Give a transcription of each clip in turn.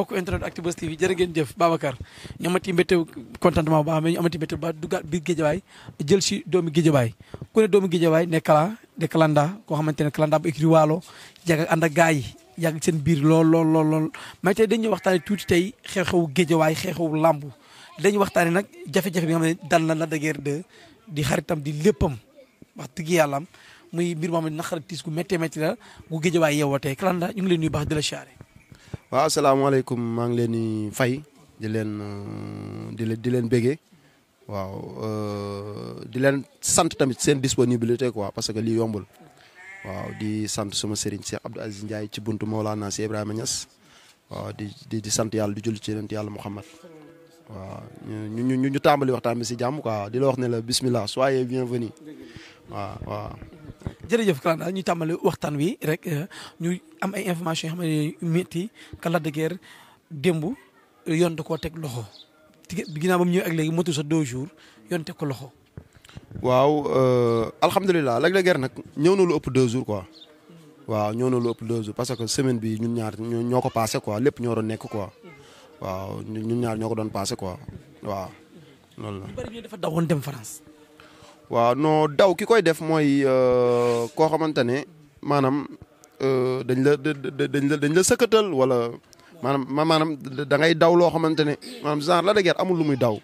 mbokk internet Actubuzz TV jërë ngeen jëf Babacar ñu amati mbétte contentement bu baax mais ñu amati mbétte bu baax duggaat biir Géejawaay jël si doomu Géejawaay ku ne doomu Géejawaay ne kala de kalanda koo xamante ne kalanda bu écrit waalo yàgg ak ànd ak gaa yàgg seen biir lool lool lool lool mais dañ dañuy waxtaane tuuti tey xew-xewu Géejawaay xew-xewu lamb dañuy waxtaane nag jafe-jafe bi nga xam ne dal na la dageer de di xaritam di léppam wax dëgg yàllam muy mbir moo xam ne naqara tiis gu méttee métti la gu Géejawaay yeewoo tey kalanda ñu ngi leen nuyu baax di la waaw asalaamaaleykum maa ngi leen di fay di leen euh, di leen di leen béggee waaw euh, di leen sant tamit seen disponibilité quoi parce que lii yombul waaw di sant suma sëriñ Cheikh Abdou Aziz Ndiaye ci buntu Mawlana Cheikh Ibrahima Niass waaw di di sant yàlla di julli ci yonent yàlla Muhammad waaw ñu ñu tàmbali waxtaan bi si jàmm quoi di la wax ne la bismillah soyez bienvenus waaw waaw. jërëjëf Kalanda ñu tàmbali waxtaan wi rek euh, am ay information yoo xam ne métti ka Lac de Guiers démb yoon da koo teg loxo ginnaaw ba mu ñëw ak léegi motul sa deux jours yoon teg ko loxo. waaw euh, alhamdulilah Lac de nag ñëw na lu ëpp deux jours quoi. waaw ñëw na lu ëpp deux jours parce que semaine bi ñun ñaar ñoo ko passé quoi lépp ñoo doon nekk quoi. waaw ñun ñaar ñoo ko doon passé quoi waaw. loolu la ñu daw ki koy def mooy euh, koo xamante ne maanaam. Euh, dañ la dañ la dañ la sëkkatal wala maanaam maanaam da ngay daw loo xamante ne maanaam genre Lac de amul lu muy daw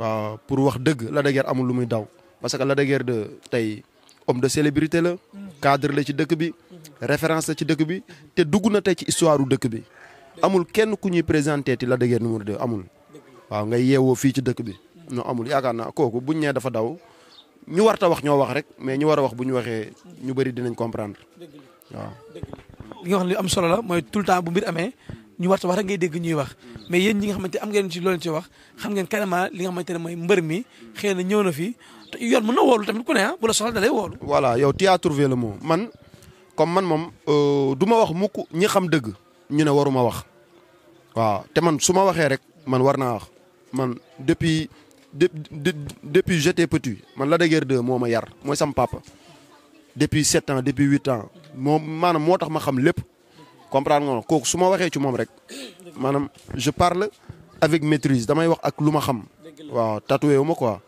waaw pour wax dëgg Lac de Guiers lu muy daw parce que la de Guiers de tey homme de célébrité la cadre la ci dëkk bi référence la ci dëkk bi te dugg na tey ci histoire dëkk bi amul kenn ku ñuy présenté ti la de Guiers numéro 2 amul waaw ngay yeewoo fii ci dëkk bi non amul yaakaar naa kooku bu buñ nee dafa daw ñu warta wax ñoo wax rek mais ñu war a wax bu ñu waxee ñu bëri dinañ comprendre waaw li nga xam ne am solo la mooy tout le temps bu mbir amee ñu war wax rek ngay dégg ñuy wax mais yéen ñi nga xamante am ngeen ci loolu ci wax xam ngeen carrément li nga xamante ne mooy mbër mi xëy na ñëw na fi te yoon mën na woolu tamit ku ne ah bu la soxla da lay man comme man moom euh, du ma wax mukk ñi xam dëgg ñu ne waruma wax waaw te man su ma waxee rek man war naa wax man depuis depuis j'étais petit man la dëgër de moo ma yar mooy sam papa depuis sept ans depuis huit ans moo maanaam moo tax ma xam lépp comprendre nga kooku su ma waxee ci moom rek maanaam je parle avec maîtrise damay wax ak lu ma xam waaw tatoué wu ma quoi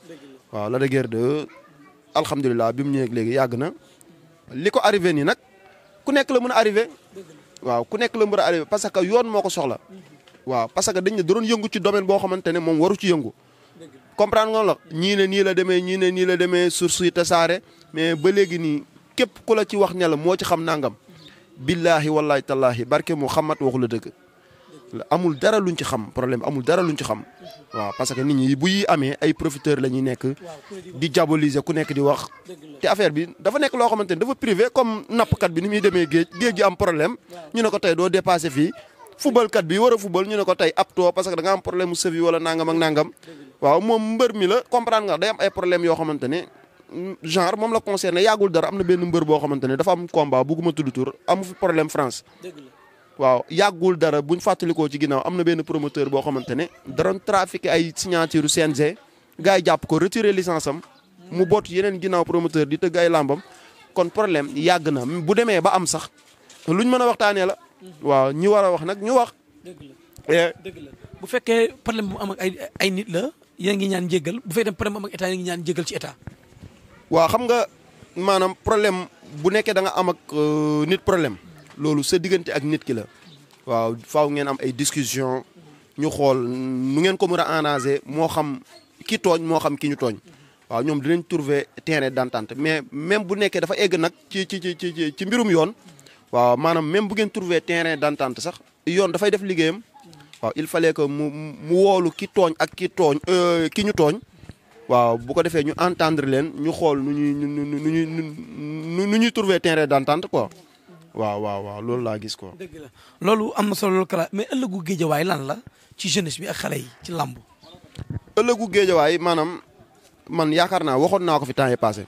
la de guerre de alhamdulilah bi mu ñëwee léegi yàgg na li ko arrivé ni nag ku nekk la mën a arrivé waaw ku nekk la mën a parce que yoon moo ko soxla waaw parce que dañ ne doon yëngu ci domaine boo xamante ne moom waru ci yëngu comprendre nga la nii la demee ñii ne nii la demee source yi tasaare mais ba léegi nii képp ku la ci wax ne la moo ci xam nangam billaahi wallaahi tallaahi barke Muhammad waxu la dëgg amul dara luñ ci xam problème amul dara luñ ci xam waaw parce que nit ñi bu yi amee ay profiteurs la nekk di diaboliser ku nekk di wax te affaire bi dafa nekk loo xamante ni dafa privé comme nappkat bi ni muy demee géej géej gi am problème ñu ne ko tey doo dépassé fii fubalkat bi war a fubal ñu ne ko tey ab too parce que da am problème mu sëf yoo xamante ne genre moom la concerné yàggul dara am na benn mbër boo xamante ne dafa am combat bugguma tudd tur amu fi problème France. waaw yàggul dara buñ fàttalikoo ci ginnaaw am na benn promoteur boo xamante ne. daroon trafiqué ay signature CNG. gars yi jàpp ko retiré licence am. mu boot yeneen ginnaaw promoteur di tëgg ay làmbam. kon problème yàgg na bu demee ba am sax lu ñu mën a waxtaanee la. Mhm. waaw ñi war a wax nag ñu wax. Eh. la bu fekkee problème bu am ak ay nit la yéen ngi ñaan jéggal bu fekkee problème bu ñaan jéggal ci état. waaw xam nga maanaam problème bu nekkee da nga am ak euh, nit problème loolu sa diggante ak nit ki la waaw faw ngeen am ay discussion ñu xool nu ngeen ko mën a arranger moo xam ki tooñ moo xam ki ñu tooñ waaw ñoom dinañ trouver terrain d'entente mais même bu nekkee dafa egg nag ci ci ci ci mbirum yoon waaw maanaam même bu ngeen trouver terrain d'entente sax yoon dafay def liggéeyam waaw il fallait que mu mu woolu ki tooñ ak ki tooñ euh, ki ñu tooñ waaw bu ko defee ñu entendre leen ñu xool nu ñuy nu ñu nu ñuy nu ñuy trouver terrain d'entente quoi waaw waaw waaw loolu laa gis ko dëgg la loolu am na solo loolu kala mais ëllëgu géejawaay lan la ci jeunesse bi ak xale yi ci làmb. ëllëgu géejawaay maanaam man yaakaar naa waxoon naa ko fi temps yi passé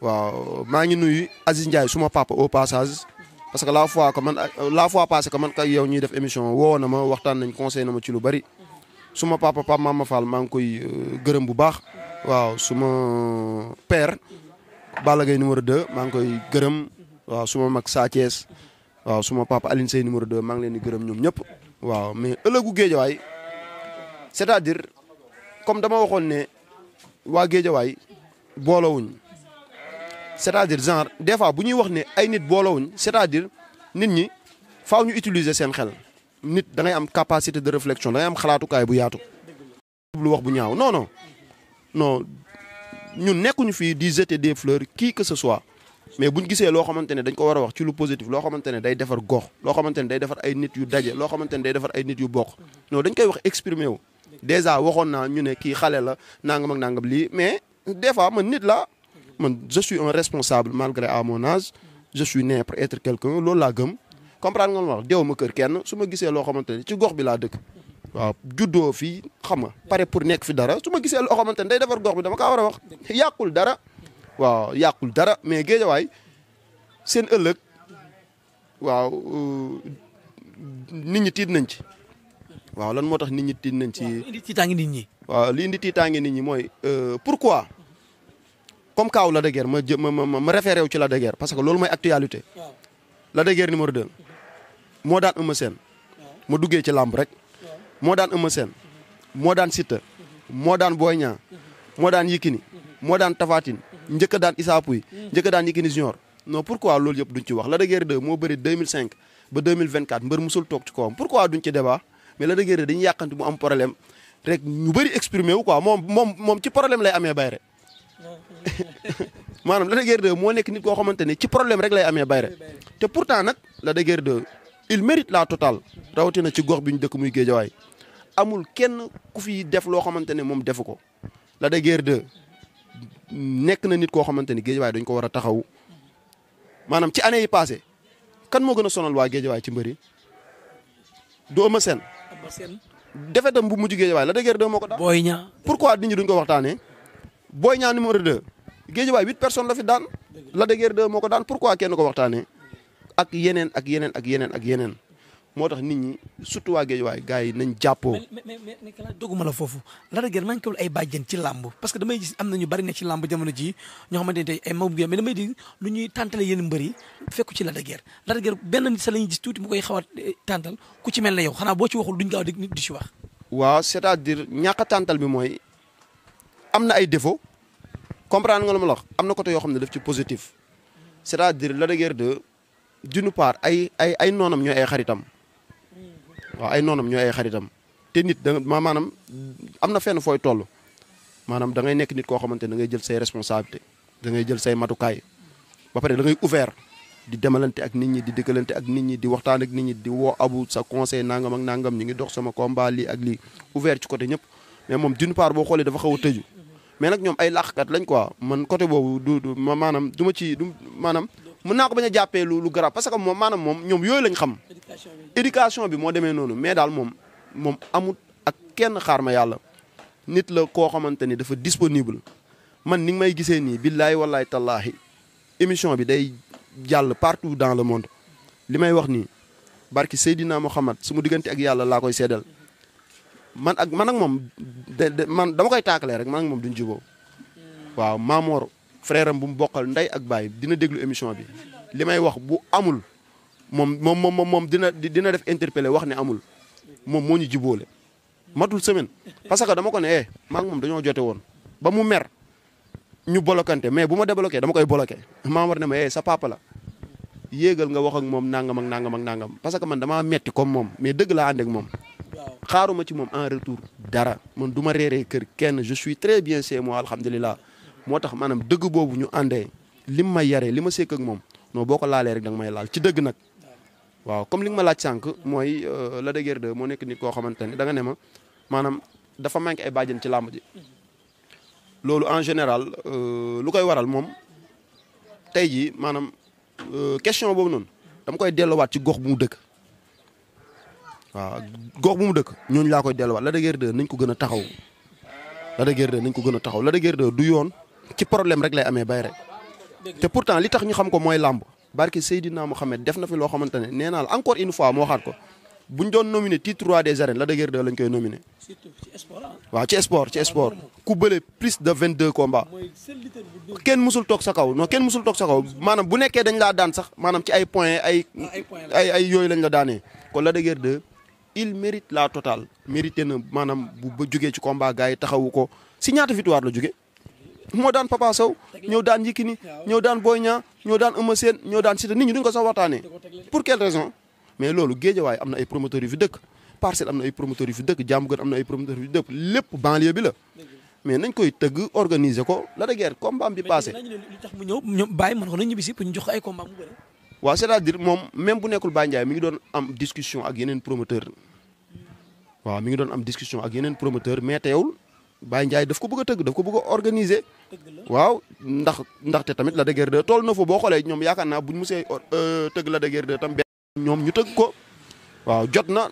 waaw maa ngi nuyu Aziz Ndiaye suma papa au passage parce que la fois que man la fois passé que man ak ñuy def émission woo na ma waxtaan nañ conseil na ma ci lu bari. suma papa Pape Mama Fall maa ngi koy euh, gërëm bu baax waaw suma euh, père Balla Gaye numéro 2 maa ngi koy gërëm waaw suma mag Sa Thiès waaw suma papa Aline Seye numéro 2 maa ngi leen di gërëm ñoom ñëpp waaw mais ëllëgu géejawaay c'est-à-dire comme dama waxoon ne waa waay géejawaay boolowuñ c'est-à-dire genre des fois bu ñuy wax ne ay nit boolowuñ c'est-à-dire nit ñi faaw ñu utiliser seen xel nit da ngay am capacité de réflexion da ngay am xalaatukaay bu yaatu. lu wax bu ñaaw non non non ñun nekkuñu fii di jeter des fleurs qui que ce soit mais bu ñu gisee loo xamante ne dañ ko war a wax ci lu positif loo xamante ne day defar gox loo xamante ne day defar ay nit yu daje loo xamante ne day defar ay nit yu bokk non dañ koy wax exprimer wu. déjà waxoon naa ñu ne kii xale la nangam ak nangam lii mais des fois man nit la man je suis un responsable malgré à mon âge loolu laa gëm. comprendre nga lu ma deew ma kër kenn su ma gisee loo xamante ne ci gox bi laa dëkk waaw juddoo fii xam nga pare pour nekk fi dara su ma gisee loo xamante ne day defar gox bi ma kaa war a wax yàqul dara waaw yàqul dara mais géejawaay seen ëllëg waaw nit ñi tiit nañ ci waaw lan moo tax nit ñi tiit nañ ci. li indi tiitaange nit ñi. waaw li indi tiitaange nit ñi mooy euh, pourquoi comme kaaw la de guerre ma ma ma ma référé wu ci la de parce que loolu mooy actualité. la de guerre numéro moo daan Eumeu Sène ma duggee ci làmb rek moo daan Eumeu Sène moo daan Siteu mm-hmm. moo daan Boy Niang mm-hmm. moo daan Yékini mm-hmm. moo daan Tapha njëkk a daan Issa Pouye njëkk a daan Yékini Junior pour pourquoi loolu yëpp duñ ci wax la de Guiers moo bari 2005 ba 2024 mbër musul toog ci kawam pourquoi duñ ci débat mais Lac de Guiers 2 dañuy yàqante mu am problème rek ñu bëri exprimer wu quoi moom moom moom ci problème lay amee bayre maanaam Lac de Guiers moo nekk nit koo xamante ne ci problème rek lay amee bayre te pourtant nag la de Guiers 2 il mérite la totale rawatina ci gox bi ñu dëkk muy géejawaay amul kenn ku fi def loo xamante ne moom defu ko la de guerre nekk na nit koo xamante ni géejawaay dañ ko war a taxaw maanaam ci année yi passé kan moo gën a sonal waa géejawaay ci mbëri du Eumeu Sène defetam bu mujj géejawaay la de guerre de moo ko daan Boy Niang pourquoi nit ñi ko waxtaanee Boy Niang numéro 2 géejawaay huit personnes la fi daan la de guerre de moo ko daan pourquoi kenn ko waxtaanee ak yeneen ak yeneen ak yeneen ak yeneen moo tax nit ñi surtout waa Guédiawaye gars yi nañ jàppoo. mais mais mais doguma la foofu la dëgg maa ngi ko ay bàjjen ci làmb parce que damay gis am na ñu bari ne ci làmb jamono ji ñoo xamante ne tey ay maw mais damay di lu ñuy tàntale yéen mbër yi fekku ci la dëgg la dëgg benn nit sa la tuuti mu koy xaw a eh, tàntal ku ci mel ne yow xanaa boo ci waxul duñ gaaw nit di ci wax. waaw c'est-à-dire ñàkk a tàntal bi mooy am na ay défaut comprendre nga lu ma la wax am na côté yoo xam ne daf ci positif c'est-à-dire la dëgg d'une part ay ay ay noonam ñooy ay xaritam mm. waaw ay te nit da ma maanaam am na fen fooy toll maanaam da ngay nekk nit koo xamante ne da ngay jël say responsabilité da ngay jël say matukaay ba pare da ngay ouvert di demalante ak nit ñi di dëkkalante ak nit ñi di waxtaan ak nit ñi di woo abu sa conseil nangam ak nangam ñu ngi dox sama combat lii ak lii ouvert ci côté ñëpp mais moom d'une part boo xoolee dafa xaw a tëju mais nag ñoom ay làqkat lañ quoi man côté boobu du ma ci du mën naa ko bañ a jàppee lu lu garab parce que moom maanaam moom ñoom yooyu lañ xam. éducation bi moo demee noonu mais daal moom moom amut ak kenn xaar ma yàlla nit la koo xamante ni dafa disponible man ni nga may gisee nii billaay wallaay tallaahi émission bi day jàll partout dans le monde li may wax nii barki Seydina Mohamed su ma diggante ak yàlla laa koy seddal man ak man ak moom de man dama koy taakalee rek man ak moom duñ juboo hmm. frère am bu mu bokkal ndey ak baay dina déglu émission bi li may wax bu amul moom moom moom moom dina dina def interpellé wax ne amul moom moo ñu jiboole matul semaine parce que dama ko ne eh maa ngi moom dañoo jote woon ba mu mer ñu bolokante mais bu ma débloqué dama koy bloqué maa war ne ma eh sa papa la nga wax ak moom nangam ak nangam ak nangam parce que man damaa metti comme moom mais dëgg laa ànd ak moom. ci moom en retour dara man du ma kër kenn je très bien chez moi alhamdulilah. moo tax maanaam dëgg boobu ñu àndee lim ma yare li ma sekk ak moom non boo ko laaleere danga da nga may laal ci dëgg nag. waaw comme li nga ma laaj sànq mooy euh, la de moo nekk nit koo xamante ne danga nga ne ma maanaam dafa manqué ay bàjjen ci làmb ji. loolu en général euh, lu koy waral moom tey jii maanaam euh, question boobu noonu dama koy delluwaat ci gox bu mu dëkk. waaw gox bu mu dëkk ñooñu laa koy delluwaat la de guerre nañ ko gën a taxaw la de nañ ko gën a taxaw la de du yoon. ci problème rek lay amee bay rek te pourtant li tax ñu xam ko mooy làmb barke Seydina Mohamed def na fi loo xamante ne nee naa la encore une fois moo waxaat ko bu ñu doon nominé titre trois des arènes la dëgër de lañ koy nominé. surtout waaw ci sport ci sport. ku bële plus de vingt 22 combats. kenn musul toog sa kaw non kenn musul toog sa kaw maanaam bu nekkee dañ laa daan sax maanaam ci ay points ay. ay ay yooyu lañ la daanee. kon la dëgër de il mérite la totale. mérité na maanaam bu ba jugee ci combat yi taxawu ko si ñaata victoire la jugee. moo daan Papa Sow ñoo daan Yékini ñoo daan Boy Niang ñoo daan Eumeu seen ñoo daan Siteu nit ñi duñ ko sax waxtaanee pour quelle raison mais loolu géejawaay am na ay promoteurs yu fi dëkk Parcelles am na ay promoteurs yu fi dëkk Diamaguène am na ay promoteurs yu fi dëkk lépp banlieue bi la mais nañ koy tëgg organiser ko la de guerre combat bi passé. mais li mu ñëw ñoom Baye man ko nañ ñibbi si pour ñu jox ay combat mu bëre. waaw cest moom même bu nekkul Baye Ndiaye mi ngi doon am discussion ak yeneen promoteur waaw mi ngi doon am discussion ak yeneen promoteur mais Baye Ndiaye daf ko bëgg a tëgg daf ko bëgg a organiser. waaw ndax ndaxte tamit Lac de tool na fa boo xoolee ñoom yaakaar naa buñ musee euh, tëgg Lac de Guiers 2 tam benn ñoom ñu tëgg ko. waaw jot na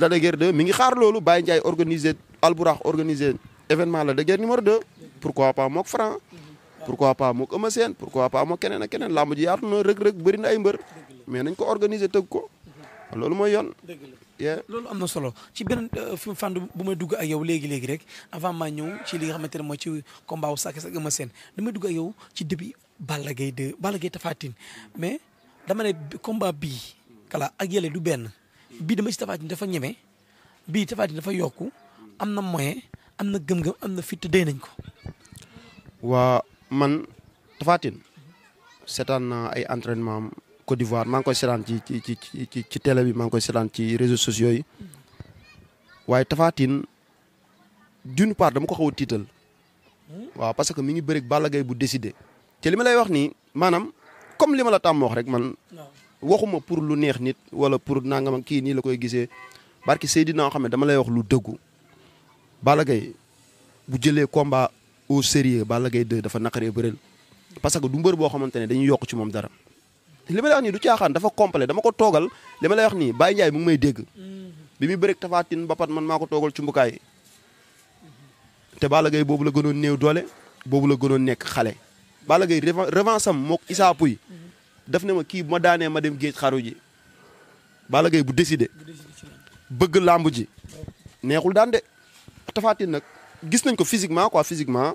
Lac de Guiers mi ngi xaar loolu Baye Ndiaye organiser Alburax organiser événement Lac de Guiers numéro 2. pourquoi pas mook Franc. pourquoi pas mook Eumeu Sène pourquoi pas mook keneen ak keneen làmb ji yaatu na rëg-rëg bëri na ay mbër. mais nañ ko organiser tëgg ko. loolu mooy yoon. loolu am na solo ci benn euh, fi fànn bu may dugg ak yow léegi léegi rek avant maa ñëw ci li nga xamante ne mooy ci combat wu Sa Thiès ma seen Sène damay dugg ak yow ci début bala gay 2 Balla Gaye Tapha mais dama ne combat bii kala ak yële du benn bii dama ci Tapha dafa ñeme bii Tapha dafa yokku am na moyen am na gëm-gëm am na fit te day nañ ko. waa man Tapha Tine seetaan ay entraînement Côte d'Ivoire maa ngi koy seetaan ci ci ci ci ci télé bi maa koy seetaan ci réseaux sociaux yi waaye Tapha Tine d'une part dama ko xaw a tiital waaw parce que mi ngi bëri ak Balla bu décidé te li ma lay wax nii maanaam comme li ma la tàmm wax rek man waxuma pour lu neex nit wala pour nangam kii nii la koy gisee barki naa xam ne dama lay wax lu dëggu bala Gaye bu jëlee combat au sérieux bala gay 2 dafa naqaree bëreel parce que du mbër boo xamante ne dañuy yokk ci moom dara li ma lay wax nii du caaxaan dafa complet dama ko toogal li la lay wax nii Baye Ndiaye mu may dégg mm-hmm. bi muy bëreeg tafaatin ba pat man maa ko toogal ci mbukaay te Balla Gaye boobu la gënoon néew doole boobu la gënoon nekk xale Balla Gaye revanche am mook Issa Pouye mm-hmm. daf ne ma kii bu ma daanee ma dem géej xaru ji Balla Gaye bu décidé bëgg làmb ji neexul daan de tafaatin nag gis nañ ko physiquement quoi physiquement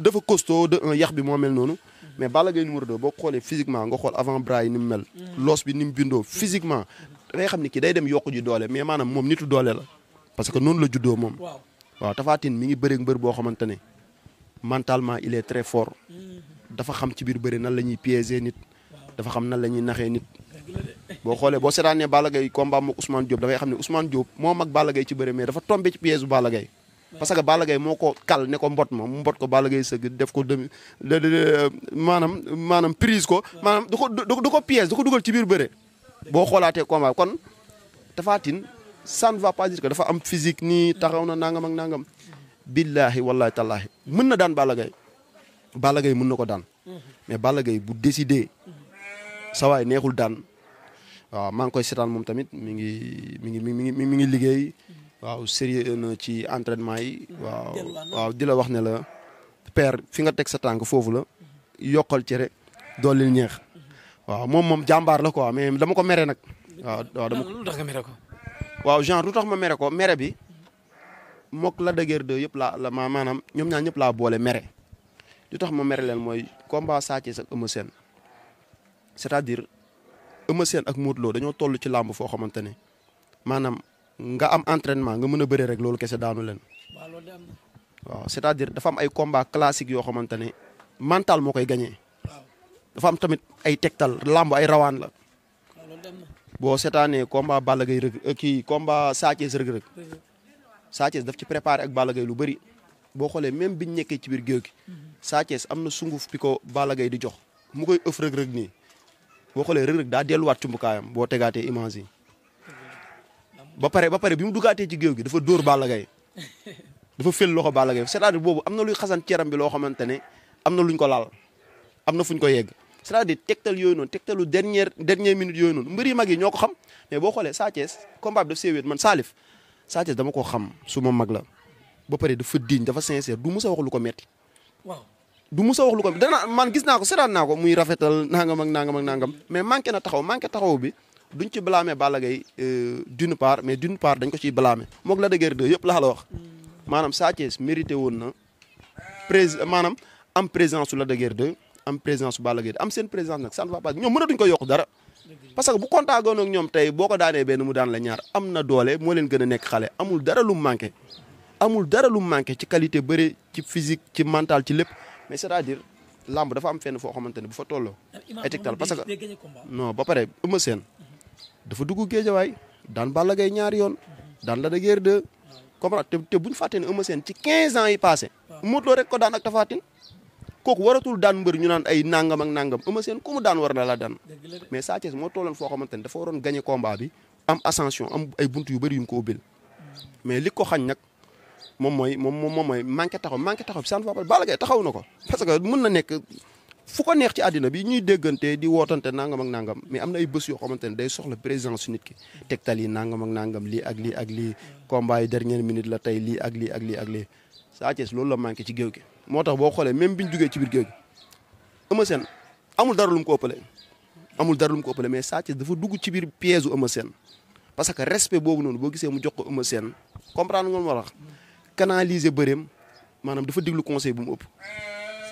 dafa costaud de un yax bi moo mel noonu mais Balla Gaye numéro boo xoolee physiquement nga xool avant bras yi ni mu mel. loos bi ni mu bindoo physiquement da ngay xam ni kii day dem yokku ji doole mais maanaam moom nitu doole la parce que noonu la juddoo moom. waaw Tapha Tine mi ngi bëreeg mbër boo xamante ne mentalement il est très fort mm-hmm. dafa xam ci biir bëri nan la ñuy piéger nit dafa xam nan la ñuy naxee nit. boo xoolee boo seetaanee Balla Gaye combat mook Ousmane Diop da ngay xam ne Ousmane Diop moo mag Balla Gaye ci bëri mais dafa tombé parce que Balla Gaye moo ko kal ne ko mbot ma mu mbot ko Balla Gaye sëgg def ko demi maanaam maanaam prise ko maanaam du ko du ko piège dugal ci biir bëre boo xoolaatee combat kon Tapha Tine ça ne va pas dire que dafa am physique ni taxaw na nangam ak nangam billaahi wallaahi mën na daan Balla Gaye mun na ko daan mais Balla Gaye bu décidé sawaay neexul daan waaw maa ngi koy seetaan moom tamit mi ngi mi ngi mi ngi liggéey waaw sérieux na euh, ci entraînement yi. Mm-hmm. waaw waaw di la wax ne la. père fi nga teg sa tànk foofu la. yokkal cere dooleel ñeex. Mm-hmm. waaw moom moom jàmbaar la quoi mais dama ko mere nag. Mm-hmm. waaw waaw dama ko lu tax ko. waaw genre lu tax ma mere ko mere bi mok la dëgër doo yëpp laa la ma maanaam ñoom ñaar ñëpp laa boole mere. lu tax ma mere leen mooy combat Sa Thiès ak Eumeu Sène c'est-à-dire Eumeu Sène ak Modou Lo dañoo toll ci làmb foo xamante ne nga am entraînement nga mën a bëre rek loolu kese daanu leen. waaw c'est-à-dire dafa am ay combat classique yoo xamante ne mental moo koy gagné. dafa am tamit ay tegtal làmb ay rawaan la. boo seetaanee combat Balla Gaye rëg euh, kii combat Sa Thiès rëg-rëg. Sa daf ci préparé ak Balla Gaye lu bëri. boo xoolee même biñ nekkee ci biir géew gi. Mhm. Sa am na sunguf bi bala Balla di jox. mu koy ëff rëg-rëg nii. boo xoolee rëg-rëg daa delluwaat cumbukaayam boo tegaatee image yi. ba pare ba pare bi mu duggaatee ci géew gi dafa dóor Balla Gaye dafa fël loxo Balla Gaye cest boobu am na luy xasan ceram bi loo xamante ne am na luñ ko laal am na fuñ ko yegg cest à tegtal yooyu noonu tegtalu dernière dernière minute yooyu noonu mbir yu mag yi ñoo ko xam mais boo xoolee Sa Thiès combat bi daf man Salif Sa Thiès dama ko xam su ma mag la ba pare dafa diñ dafa sincère du mës a lu ko metti waaw du mës a wax lu ko dana man gis naa ko seetaan naa ko muy rafetal nangam ak nangam ak nangam mais manqué na taxaw manqué taxaw bi du ñu ci blâmer Balla Gaye euh, d'une part mais d'une part dañ ko ciy blâmer moog la dëgër de yëpp laa la wax maanam Sa Thiès mérité woon na prés maanaam am présence la dëgër de am présence su Balla am seen présence nag ça ñoom mën a ñoom mënatuñ ko yokk dara. parce que bu kontaagoon ak ñoom tey boo ko daanee benn mu daan la ñaar am na doole moo leen gën a nekk xale amul dara lu manqué. amul dara lu manqué ci qualité bëre ci physique ci mental ci lépp mais c'est-à-dire làmb dafa am fenn foo xamante ne bu fa tolloo. parce que non ba pare Eumeu dafa dugg géejawaay daan Balla Gaye ñaari yoon daan Lac de Guiers 2 comprendre te te bu ñu fàtte ne Eumeu Sène ci 15 ans yi passé Modou Lô rek ko daan ak Tapha Tine kooku waratul daan mbër ñu naan ay nangam nangam Eumeu Sène ku daan war na la daan mais Sa Thiès moo tolloon foo xamante ne dafa waroon gagné combat bi am ascension ay buntu yu bëri yu mu ko ubbil hmm. mais li ko xañ nag moom mooy moom moom mooy manqué taxaw manqué taxaw bi ça ne va na ko parce que mën na nekk fu ko neex ci àddina bi ñuy déggante di wootante nangam ak nangam mais am na ay bés yoo xamante ne day soxla présence su nit ki tegtal yi nangam ak nangam li ak lii ak lii combat yi dernière minute la tey lii ak lii ak lii ak lii Sa Thiès loolu la manqué ci géew gi moo tax boo xoolee même biñ jugee ci biir géew gi Eumeu amul dara lu mu ko ëppale amul dara lu mu ko ëppale mais Sa dafa dugg ci biir piège u Eumeu parce que respect boobu noonu boo gisee mu jox ko Eumeu Sène comprendre nga ma wax maanaam dafa diglu conseil bu mu ëpp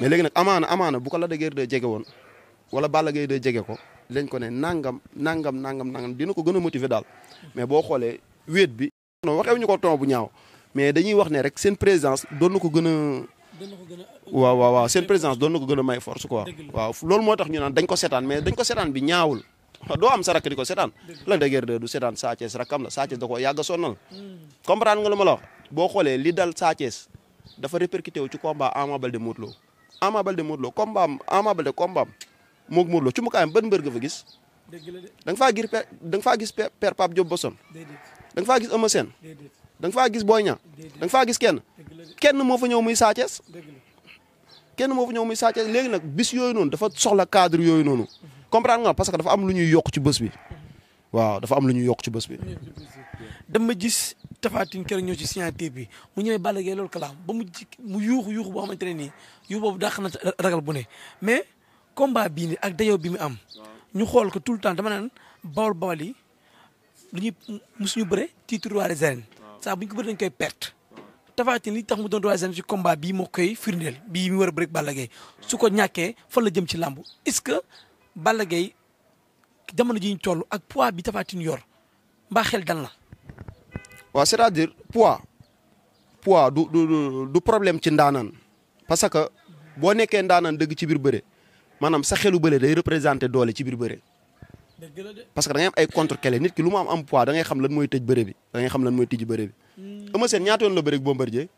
mais léegi nag amaana amaana bu ko Lac de Guiers 2 jege woon wala Balla Gaye 2 jege ko lañ ko ne nangam nangam nangam nangam dina ko gën a motiver daal mais boo xoolee wéet bi. non waxeewu ñu ko ton bu ñaaw mais dañuy wax ne rek seen présence doon na ko gën a. waaw waaw waaw seen présence ko gën force waaw loolu moo tax ñu naan dañ ko seetaan mais dañ ko seetaan bi ñaawul. doo am sa rakk di ko seetaan. Lac de Guiers 2 du seetaan Sa Thiès rakkam la Sa Thiès da koo yàgg a sonnal. Hmm. nga lu ma la wax boo xoolee li dal Sa Thiès dafa wu ci combat Ama Baldé Modou Lô Ama Baldé Modou Lo combat am Ama Baldé combat am moog Modou Lo ci gis. dëgg da nga faa gis per da nga faa gis per Pape Diop Bosson. déedéet da nga faa gis Eumeu Sène. déedéet faa gis Boy Niang. déedéet faa gis kenn. kenn moo fa ñëw muy Sa Thiès. kenn moo fa ñëw muy Sa Thiès léegi nag bis yooyu noonu dafa soxla cadre yooyu noonu. comprendre nga parce que dafa am lu ñuy yokk ci bés bi. Mm-hmm. waaw dafa am lu ñuy yokk ci bés bi. dama gis tafaatin keroog ñëw ci signature bi mu ñëwee Balla Gaye loolu kalaam ba mu ji mu yuuxu yuuxu boo xamante ne nii yuuxu boobu dàq na ragal bu ne mais combat bii nii ak dayoo bi mu am. ñu xool ko tout le temps dama naan bawol bawol yi lu ñuy musuñu bëre ci roi des arènes. saa bu ko bëri dañ koy perte. tafaatin li tax mu doon roi des arènes ci bii moo koy firndeel bii mi war a bëri Balla Gaye su ko ñàkkee fan la jëm ci làmb est-ce que Balla Gaye jamono ji ñu toll ak poids bi tafaatin yor mbaa xel dal na. waaw c'est-à-dire pois poids du du du problème ci ndaanaan parce que boo nekkee ndaanaan dëgg ci biir bëre maanaam sa xelu bëre day représenté doole ci biir bëre. parce que da am ay contre kele nit ki lu mu am am pois dangay xam lan mooy tëj bëre bi da ngay xam lan mooy tijji bëre bi. Hmm. Eumeu Sène ñaata yoon la bëre ak Bombardier.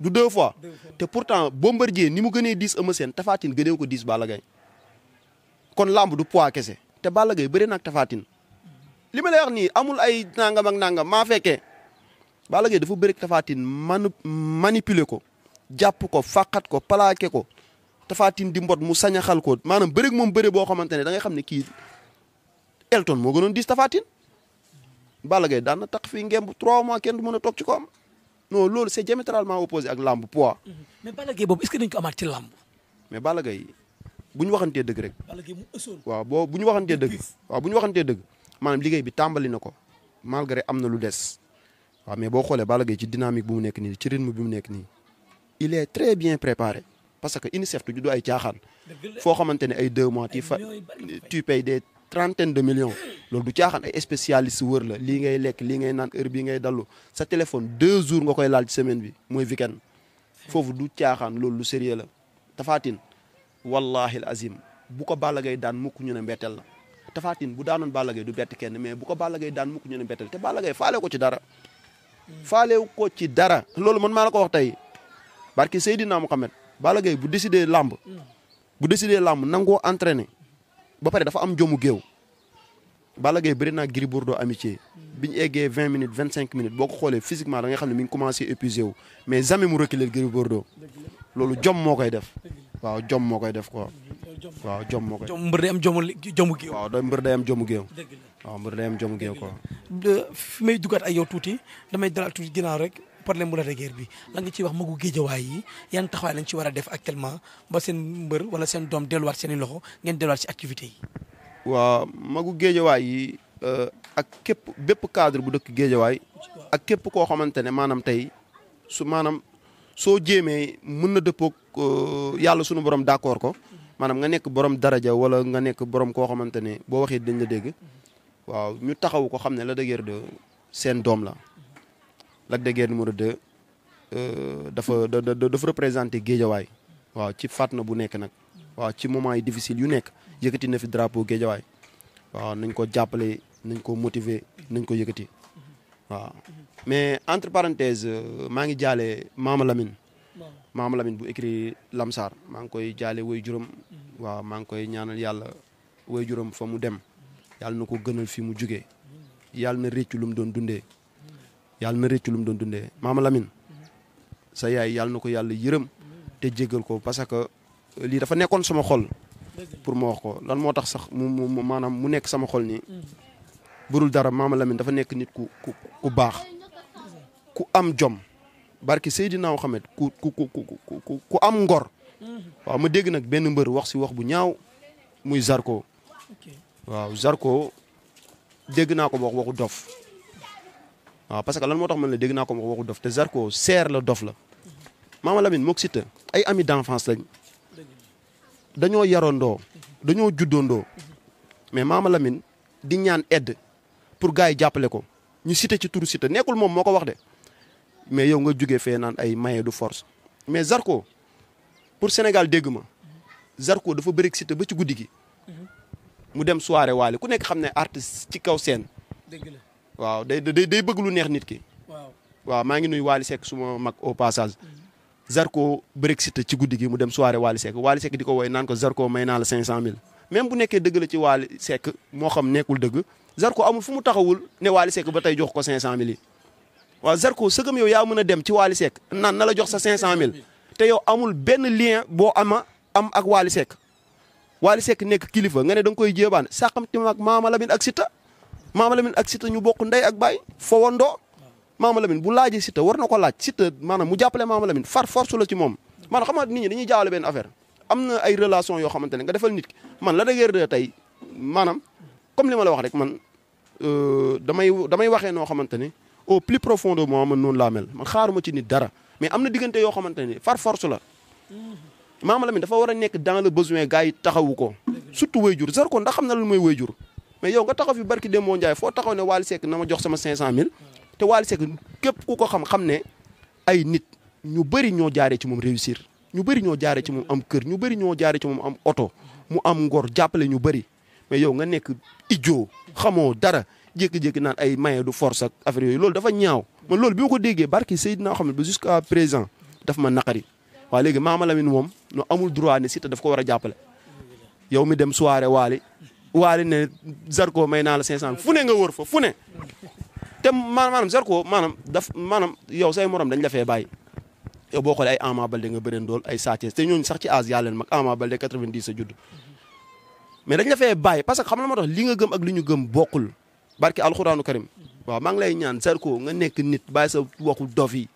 du deux fois. te pourtant Bombardier ni mu gënee diis Eumeu Sène Tapha Tine gënee ko diis Balla Gaye kon lamb du pois kese te Balla Gaye bëre na ak li ma lay wax nii amul ay nangam ak nangam maa fekkee Balla dafa bëri Tapha Tine manu manipuler ko jàpp ko fàqat ko plaqué ko Tapha di mbot mu sañaxal ko maanaam bëri moom bëri boo xamante ne da ngay xam ne kii Elton moo gënoon diis Tapha Tine Balla daan na tax fii ngemb trois mois kenn du mën a toog ci ko am non loolu c'est diamétralement opposé ak lamb poids. Mm-hmm. mais Balla Gaye boobu est-ce que dañ ko amaat ci lamb. bu ñu waxantee dëgg rek. Balla bu ñu waxantee dëgg. waaw dëgg. maanaam liggéey bi tàmbali na ko malgré am na lu des waaw mais boo xoolee Balla ci dynamique bi mu nekk nii ci rythme bi mu nekk nii il est très bien préparé parce que UNICEF du du ay caaxaan foo xamante ne ay deux mois tu fa tu payes trentaine de millions loolu du caaxaan ay spécialiste wër la lii ngay lekk lii ngay naan heure bi ngay dallu sa téléphone deux jours nga koy laal ci semaine bi mooy weekend foofu du caaxaan loolu lu sérieux la Tapha Tine wallahi al azim bu ko Balla Gaye daan mukk ñu ne mbetteel la tafaatin bu daanoon Balla Gaye du bett kenn mais bu ko Balla Gaye daan mukk ñu ne bettal te Balla Gaye faale ko ci dara. faalewu ko ci dara. loolu man maa la ko wax tey barki Seydina Mohamed Balla Gaye bu décidé làmb bu décidé làmb nangoo entraîné ba pare dafa am jomu géew. Balla Gaye bëri naa Gris Bordeaux amitié bi ñu eggee vingt minutes vingt cinq minutes boo ko xoolee physiquement da nga xam ne mi ngi commencé épuisé wu mais jamais mu reculer Gris Bordeaux loolu jom moo koy def waaw jom moo koy def waaw jom moo koy. jom mbër day am jomu jomu géew. mbër day am jomu géew. dëgg la waaw mbër day am jomu may dugaat ay yow tuuti damay dalal tuuti ginnaaw rek problème bu la guerre bi la nga ciy wax magu géejawaay yi yan taxawaay lañ ci war a def actuellement ba seen mbër wala seen doom delluwaat seen i loxo ngeen delluwaat ci activité yi. waaw magu géejawaay yi euh, ak képp bépp cadre bu dëkk géejawaay ak képp koo xamante ne maanaam tey su maanaam soo jéemee mun na dëppoog euh, yàlla sunu borom d'accord ko. maanaam nga nekk borom daraja wala nga nekk boroom koo xamante ne boo waxee dañ la dégg waaw ñu taxaw ko xam ne Lac de Guiers seen doom la Lac de Guiers numéro 2 euh, dafa da dafa représenté géejawaay waaw ci faat na bu nekk nag waaw ci moment yi difficile yu nekk yëkkati na fi drapeau géejawaay waaw nañ ko jàppale nañ ko motiver nañ ko yëkkati waaw mais entre parenthèse euh, maa ngi jaale Maama Lamine maam Lamine bu écrit Lamsaar maa ngi koy jaale way juróom mm-hmm. waaw maa ngi koy ñaanal yàlla way juróom fa mu dem mm-hmm. yàlla na ko gënal fi mu jugee mm-hmm. yàlla na réccu lu doon dundee yàlla na réccu lu mu doon dundee maam Lamine sa yaay yàlla na ko yàlla yërëm te jéggal ko parce que euh, lii dafa nekkoon sama xol pour ma wax ko lan moo tax sax mu maanaam mu nekk sama xol nii burul dara maama Lamine dafa nekk nit ku ku ku baax ku am jom barki Seydina Mohamed ku ku ku ku ku am ngor. ma dégg nag benn mbër wax si wax bu ñaaw muy Zarko. waaw Zarko dégg naa ko wax waxu dof. waaw parce que lan moo tax man la dégg naa ko wax waxu dof te Zarko seer la dof la. Maama Lamine mook Siteu ay amis d'enfance lañ. dañoo yarandoo dañoo juddandoo mais Maama Lamine di ñaan aide pour gars yi jàppale ko ñu Siteu ci turu Siteu nekkul moom moo ko wax de. mais yow nga jóge fee naan ay maye du force mais Zarko pour Sénégal dégg ma Zarko dafa bëri Siteu ba ci guddi gi mu dem soirée waale ku nekk xam ne artiste ci kaw seen dëgg la waaw day day bëgg lu neex nit ki waaw waaw maa ngi nuy Waly Seck suma mag au passage mhm. Zarko bëri Siteu ci guddi gi mu dem soirée Waly Seck Waly Seck di ko woy naan ko Zarko may naa la cinq cent mille même bu nekkee dëgg la ci Waly Seck moo xam nekkul dëgg Zarko amul fu mu taxawul ne Waly Seck ba tey jox ko cinq cent mille waaw Zarko sëgam yow yaa mën a dem ci Wally Seck naan na la jox sa 500000 te yow amul benn lien boo ama am ak Wally Seck Wally Seck nekk kilifa nga ne da nga koy jéebaan sàqamtim ti Maama Lamine ak Sita Maama Lamine ak Sita ñu bokk ndey ak baay fowandoo Maama min bu laajee Sita war na ko laaj Sita maanaam mu jàppale Maama Lamine far force la ci moom maanaam xam nga nit ñi dañuy jaawale benn affaire am na ay relation yoo xamante ne nga defal nit man la dëgër de tey maanaam comme li ma la wax rek man euh, damay damay waxee noo xamante ni au plus profond de moi man noonu laa mel man xaaruma ci nit dara mais am na diggante yoo xamante ne far force la maama mi dafa war a nekk dans le besoin gars yi taxawu ko surtout wayjur Zarko ndax xam na la mooy wayjur mais yow nga taxaw fi barki Demba Ndiaye foo taxaw ne Wally Seck na ma jox sama 500000 te Wally Seck képp ku ko xam xam ne ay nit ñu bëri ñoo jaaree ci moom réussir ñu bëri ñoo jaaree ci moom am kër ñu bari ñoo jaaree ci moom am oto mu jàppale ñu bëri mais yow nga nekk ijoo xamoo dara jékki-jékki naan ay maye du force ak affaire yooyu loolu dafa ñaaw man loolu bi ma ko déggee barki Seydina xam ne ba jusqu'à présent daf ma naqari waaye léegi Maama Lamine moom no amul droit ne Siteu daf ko war a jàppale yow mi dem soirée waali waali ne Zarko may naa la 500 fu ne nga wër fa fu ne te maanaam Zarko maanaam daf maanaam yow say morom dañ la fee boo xoolee ay Ama Baldé nga bëreen dool ay Sa Thiès te ma sax ci âge yàlla leen mag Ama sa judd mais dañ la fee bàyyi parce que xam la moo tax li nga gëm ak li ñu gëm bokkul barki alxuraanu karim waaw maa ngi lay ñaan Zarko nga nekk nit bàyyi sa waxu dof yi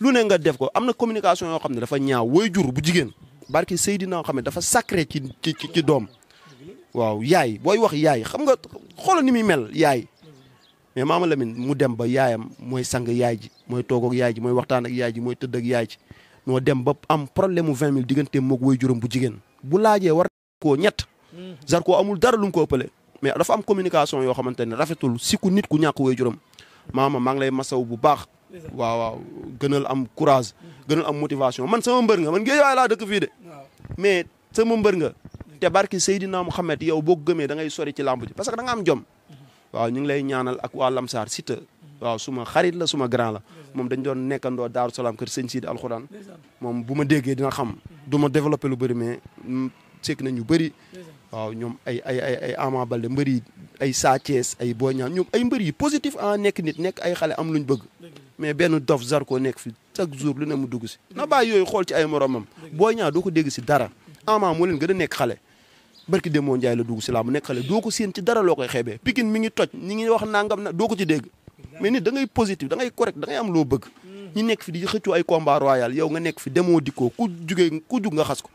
lu ne nga def ko am na communication yoo xam ne dafa ñaaw woy jur bu jigéen barki Seydina xam ne dafa sacré ci ci doom waaw yaay booy wax yaay xam nga xoolal ni muy mel yaay mais maama mi mu dem ba yaayam mooy sang yaay ji mooy toog yaay ji mooy waxtaan ak yaay ji mooy tëdd ak yaay ji noo dem ba am problème mu vingt mille diggante moog woy juróom bu jigéen bu laajee war koo ñett hmm. Zarko amul dara lu mu ko ëppale mais dafa am communication yoo nte ne rafetul si ku nit ku ñàkk way juróom maama maa ngi lay masaw bu baax. waaw waaw gënal am courage. gënal am motivation man sama mbër nga man Guédiawaye a dëkk fii de. mais sama mbër nga. te barki Seydina Mouhamed yow boo gëmee da ngay sori ci làmb ji parce que da nga am jom. waaw ñu ngi lay ñaanal ak waa Lamsaar Siteu. waaw suma xarit la suma grand la moom dañ doon nekkandoo Daaru Salaam kër sëñ Sidi alxuraan moom bu ma déggee dina xam. du ma développé lu bëri mais sekk nañ ñu waaw ñoom ay ay ay ay Ama Baldé mbër ay Sa Thiès ay Boy Niang ñoom ay mbër yi positif en ah, nekk nit nekk ay xale am luñ bëgg mais benn dof Zarko nekk fi chaque jour lu ne mu dugg si na ba yooyu xool ci ay moromam Boy Niang doo ko dégg si dara Ama moo gën a xale barki Demba Ndiaye si laa mu nekk xale doo ko séen ci dara loo koy xeebee Pikine mi ngi toj ñi ngi wax na doo ko ci dégg mais nit da ngay positif da ngay correct da ngay am loo bëgg ñi nekk fi di xëccoo ay combat royal yow nga nekk fi demoo dikkoo ku jugee ku jug nga xas ko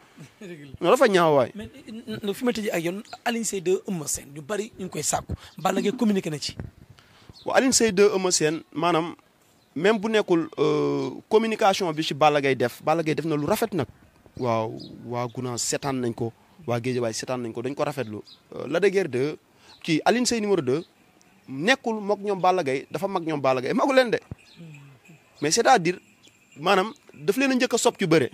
non dafa ñaaw waay. mais fi ma tëjee ay yoon Alioune Seye 2 Eumeu Sène ñu bari ñu koy sàkku Balla Gaye communiqué na ci. waaw Alioune Seye 2 Eumeu Sène maanaam même bu nekkul euh, communication bi si Balla Gaye def Balla Gaye def na lu rafet nag. waaw waa Gunaas seetaan nañ ko waa Géejawaay seetaan nañ ko dañ ko rafetlu. Euh, la de Guiers 2 kii Alioune Seye numéro 2 nekkul moog ñoom Balla Gaye dafa mag ñoom Balla gay magu leen de mais c'est-à-dire maanaam daf leen a njëkk a sopp ci bëre.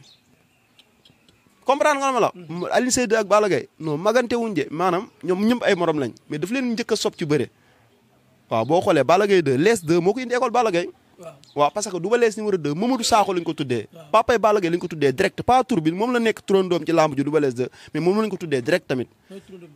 comprendre nga ma la mm. Mm. Alioune Seye 2 ak Balla Gaye non magante wuñ de maanaam ñoom ñëpp ay morom lañ mais daf leen njëkk a sob ci bëre waaw boo xoolee Balla Gaye 2 lees 2 moo ko indi école Balla Gaye waaw parce que Double Less numéro 2 Mamadou Sakho lañ ko tuddee papay Balla Gaye lañ ko tuddee direct pas tur bi moom la nekk turandoom ci lamb ji Double Less 2 mais moom lañ direct tamit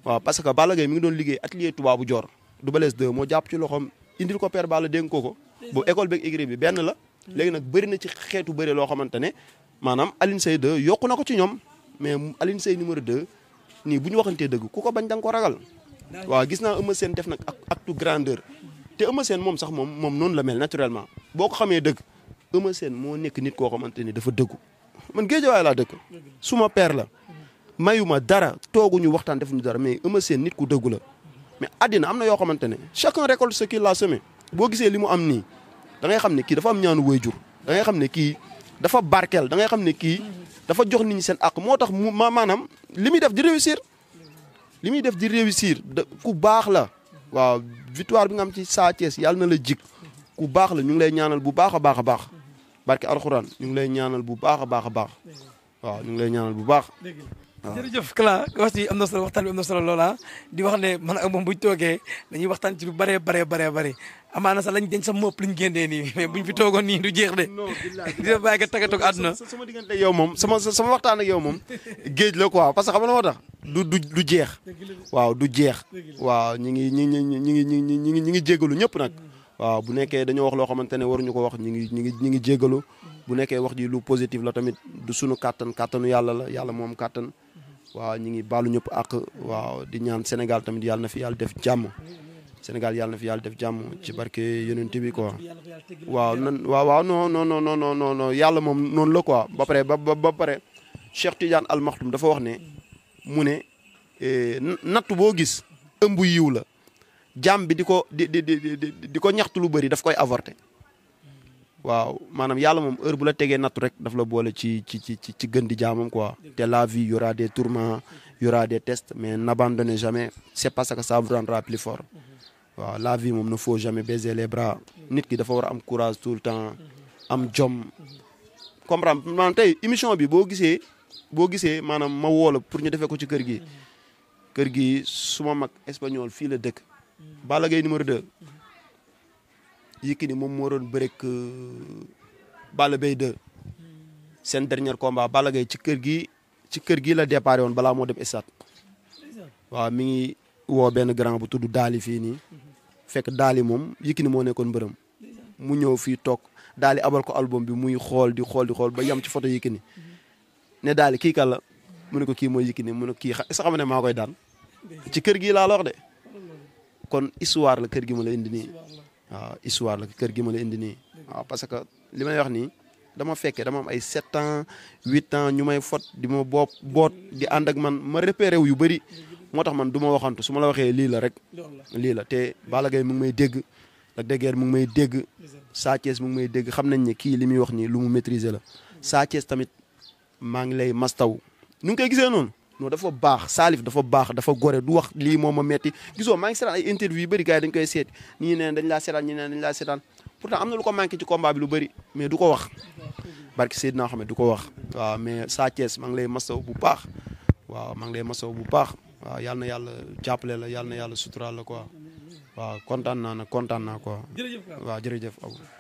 waaw parce que Balla Gaye mi ngi doon liggéey atelier tubaabu joor Double Less 2 moo jàpp ci loxoom indil ko père Balla dénk ko ko bu école beeg bi benn la mm. léegi nag bëri na ci xeetu bëri loo xamante ne maanaam Alioune Seye na ko ci ñoom mais alin Seye numéro 2 nii bu ñu waxantee dëgg ku ko bañ da ko ragal. waaw gis naa Eumeu seen def na nag acte grandeur te Eumeu seen moom sax moom moom noonu la mel naturellement boo ko xamee dëgg Eumeu seen moo nekk nit koo xamante ni dafa dëggu mën man géejawaay la dëkk suma père la mayuma dara toogu tooguñu waxtaan defuñu dara mais Eumeu seen nit ku dëggu la mais àddina am na yoo xamante ne chacun récolte ce qu'il a semé boo gisee li mu am nii da ngay xam ne kii dafa am ñaanu waajur da ngay xam ne kii dafa barkeel da ngay xam ne kii dafa jox nit ñi seen àq moo tax mu maanaam li muy def di réussir li muy def di réussir ku baax la waaw victoire bi nga am ci Sa Thiès na la jig ku baax la ñu ngi lay ñaanal bu baax a baax a baax barke alxuraan ñu ngi lay ñaanal bu baax a baax a baax waaw ñu ngi lay ñaanal bu baax Ah. jërëjëf Kalla wax ci am na solo waxtaan bi am na solo loola di wax ne man ak moom buñ toogee dañuy waxtaan ci lu bëree bëree bëree bëri amaana sax lañ dañ sa mëpp liñ génnee nii mais buñ fi toogoon nii du jeex de dina bàyyi nga tagatoo àdduna sama diggante ak yow moom sama sama waxtaan ak yow moom géej la quoi parce que xam tax du du du jeex waaw du jeex waaw ñi ngi ñi ngi ñi ngi ñi ngi ñi ngi jégalu ñëpp nag mm. waaw bu nekkee dañoo wax loo xamante ne waruñu ko wax ñi ngi ñi ngi ñi ngi jégalu bu nekkee wax ji lu positif la tamit du sunu kàttan kàttanu yàlla la yàlla moom kàttan waaw ñu ngi baalu ñëpp ak waaw di ñaan Sénégal tamit yàlla na fi yàlla def jàmm Sénégal yàlla na fi yàlla def jàmm ci barke yonent bi quoi waaw moom noonu la ko ba pare ba ba pare Cheikh Tidiane Al dafa wax ne mu ne eh, natt boo gis ëmb yiw la jàmm bi di ko di di di di ko ñaxtu lu bëri daf koy avorté waaw maanaam yàlla moom heure bu la tegee nattu rek daf la boole ci ci ci ci la vie y aura des tourments y aura des mais n'abandonnez jamais c'est parce que ça vous rendra plus fort mm-hmm. waaw la vie moom ne faut jamais baisser les mm-hmm. nit ki dafa war am courage tout le temps mm-hmm. am jom comprendre maanaam tey émission bi boo gisee boo gisee maanaam ma woo la pour ñu defee ko ci kër gi kër gi suma mag espagnol fii la dëkk Balla Gaye numéro Yékini moom moo doon bëreeg euh, Balla Gaye 2 seen dernier combat Balla Gaye ci kër gi ci kër gi la déparé woon balaa moo dem stade waaw mi ngi woo benn grand bu tudd Daali fii nii fekk Daali moom Yékini moo nekkoon bërëm mu ñëw fii toog Daali abal ko album bi muy xool di xool di xool ba yam ci photo Yékini ne Daali kii kan la mu ne ko kii mooy Yékini mu ne kii xa sax xam ne maa koy daan ci kër gi laa la wax de kon histoire la kër gi ma la indi nii. waaw histoire la kër gi ma la indi nii parce que li may wax nii dama fekkee dama ay sept ans huit ans ñu may fot di ma bopp boot di ànd ak man ma repéré wu yu bëri moo tax man du ma waxantu su ma la waxee lii la rek lii la te Balla Gaye mu ngi may dégg Lac de Guiers may dégg Sa Thiès mu ngi may dégg xam nañ ne kii li muy wax nii lu mu maîtriser la Sa tamit maa ngi lay mastaw nu ngi koy gisee noonu non dafa baax Salif dafa baax dafa gore du wax lii moom a metti gisoo maa ngi seetaan ay interview yu bëri gars yi dañ koy seet ñii neen dañ laa seetaan ñii neen am na lu ko manqué ci combat bi lu bëri mais du ko wax barki Seydina xam ne du ko wax mais Sa Thiès maa ngi lay masaw bu baax waaw maa ngi lay masaw bu baax waaw na yàlla jàppale la yàlla na yàlla suturaal la ko waaw kontaan naa nag kontaan naa ko wa jërëjëf aw